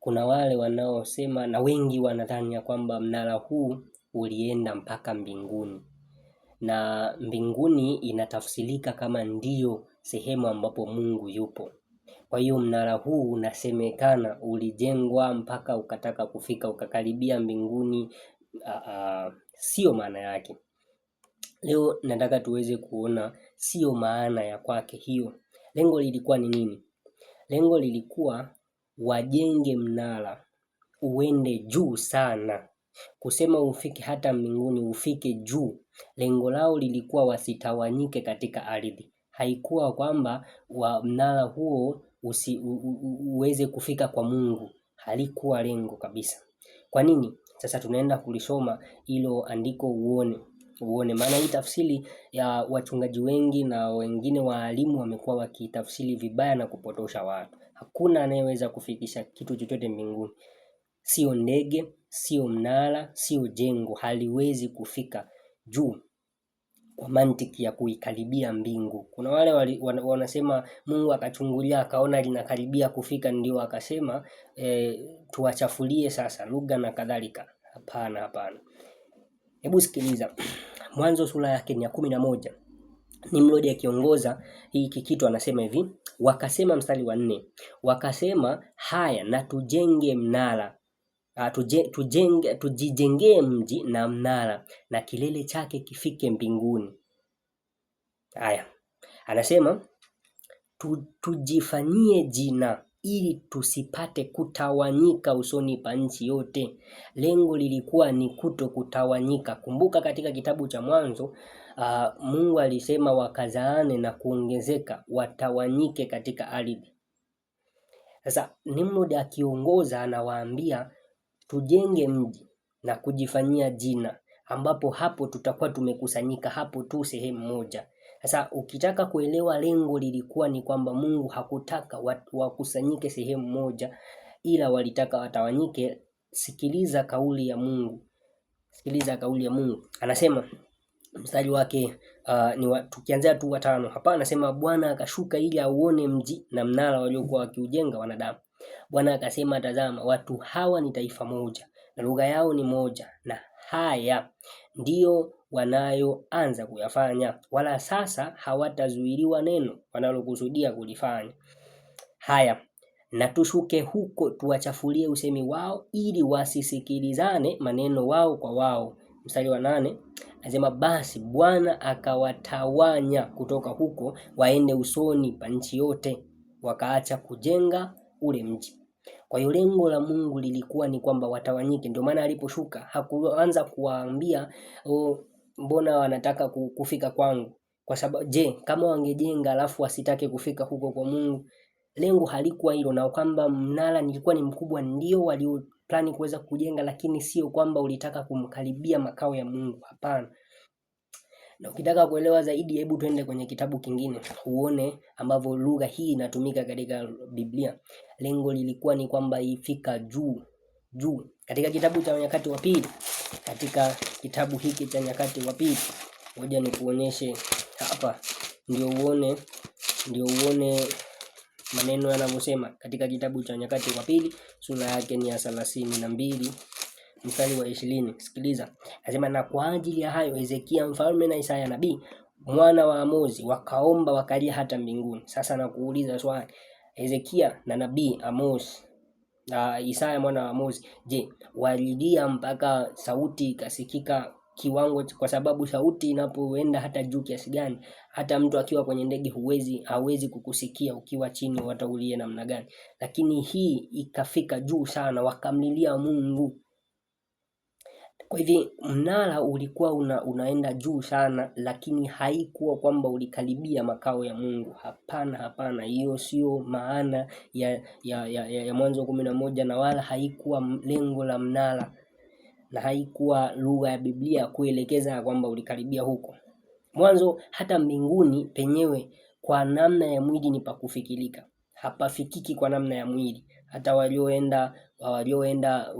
kuna wale wanaosema na wengi wanadhani ya kwamba mnara huu ulienda mpaka mbinguni, na mbinguni inatafsirika kama ndiyo sehemu ambapo Mungu yupo. Kwa hiyo mnara huu unasemekana ulijengwa mpaka ukataka kufika ukakaribia mbinguni. Siyo maana yake. Leo nataka tuweze kuona siyo maana ya kwake hiyo. Lengo lilikuwa ni nini? Lengo lilikuwa wajenge mnara uende juu sana, kusema ufike hata mbinguni, ufike juu. Lengo lao lilikuwa wasitawanyike katika ardhi, haikuwa kwamba wa mnara huo usi, u, u, uweze kufika kwa Mungu, halikuwa lengo kabisa. Kwa nini? Sasa tunaenda kulisoma hilo andiko uone uone maana hii tafsiri ya wachungaji wengi na wengine waalimu wamekuwa wakitafsiri vibaya na kupotosha watu. Hakuna anayeweza kufikisha kitu chochote mbinguni, sio ndege, sio mnara, sio jengo, haliwezi kufika juu kwa mantiki ya kuikaribia mbingu. Kuna wale wali, wan, wanasema Mungu akachungulia akaona linakaribia kufika, ndio akasema e, tuwachafulie sasa lugha na kadhalika. Hapana, hapana. Hebu sikiliza Mwanzo sura yake ni ya kumi na moja. Nimrodi akiongoza hii kikitu anasema hivi: Wakasema mstari wa nne, wakasema haya na tujenge mnara tujenge, tujijengee mji na mnara na kilele chake kifike mbinguni. Haya, anasema tu, tujifanyie jina ili tusipate kutawanyika usoni pa nchi yote. Lengo lilikuwa ni kuto kutawanyika. Kumbuka katika kitabu cha Mwanzo uh, Mungu alisema wakazaane na kuongezeka, watawanyike katika ardhi. Sasa Nimrod akiongoza, anawaambia tujenge mji na kujifanyia jina, ambapo hapo tutakuwa tumekusanyika hapo tu sehemu moja. Sasa ukitaka kuelewa, lengo lilikuwa ni kwamba Mungu hakutaka watu wakusanyike sehemu moja, ila walitaka watawanyike. Sikiliza kauli ya Mungu, sikiliza kauli ya Mungu, anasema mstari wake uh, ni wa, tukianzia tu watano hapa anasema Bwana akashuka ili auone mji na mnara waliokuwa wakiujenga wanadamu. Bwana akasema, tazama, watu hawa ni taifa moja na lugha yao ni moja, na haya ndiyo wanayoanza kuyafanya, wala sasa hawatazuiliwa neno wanalokusudia kulifanya. Haya, na tushuke huko tuwachafulie usemi wao, ili wasisikilizane maneno wao kwa wao mstari wa nane anasema basi Bwana akawatawanya kutoka huko waende usoni pa nchi yote, wakaacha kujenga ule mji. Kwa hiyo lengo la Mungu lilikuwa ni kwamba watawanyike. Ndio maana aliposhuka hakuanza kuwaambia oh, mbona wanataka kufika kwangu? Kwa sababu je, kama wangejenga alafu wasitake kufika huko kwa Mungu, lengo halikuwa hilo, na kwamba mnara nilikuwa ni mkubwa, ndio walio plani kuweza kujenga, lakini sio kwamba ulitaka kumkaribia makao ya Mungu. Hapana. Na ukitaka kuelewa zaidi, hebu tuende kwenye kitabu kingine uone ambavyo lugha hii inatumika katika Biblia. Lengo lilikuwa ni kwamba ifika juu juu, katika kitabu cha Nyakati wa Pili, katika kitabu hiki cha Nyakati wa Pili, ngoja nikuonyeshe hapa, ndio uone, ndio uone maneno yanavyosema katika kitabu cha Nyakati wa Pili sura yake ni ya thelathini na mbili mstari wa ishirini. Sikiliza, anasema na kwa ajili ya hayo Hezekia mfalme na Isaya nabii mwana wa Amozi wakaomba wakalia hata mbinguni. Sasa nakuuliza swali, Hezekia na nabii Amosi na Isaya mwana wa Amozi, je, walilia mpaka sauti ikasikika kiwango kwa sababu sauti inapoenda hata juu kiasi gani, hata mtu akiwa kwenye ndege huwezi hawezi kukusikia ukiwa chini hata ulie namna gani. Lakini hii ikafika juu sana, wakamlilia Mungu. Kwa hivyo mnara ulikuwa una, unaenda juu sana, lakini haikuwa kwamba ulikaribia makao ya Mungu. Hapana, hapana, hiyo sio maana ya, ya, ya, ya, ya Mwanzo kumi na moja na wala haikuwa lengo la mnara na haikuwa lugha ya Biblia kuelekeza kwamba ulikaribia huko. Mwanzo hata mbinguni penyewe kwa namna ya mwili ni pakufikirika, hapafikiki kwa namna ya mwili. Hata walioenda walioenda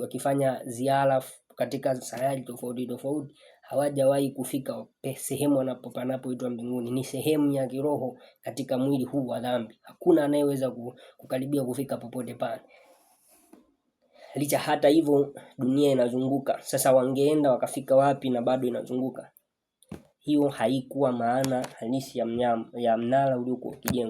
wakifanya ziara katika sayari tofauti tofauti hawajawahi kufika sehemu wanapo panapoitwa mbinguni. Ni sehemu ya kiroho katika mwili huu wa dhambi. Hakuna anayeweza kukaribia kufika popote pale licha hata hivyo dunia inazunguka. Sasa wangeenda wakafika wapi na bado inazunguka? Hiyo haikuwa maana halisi ya mnyama, ya mnara uliokuwa ukijengwa.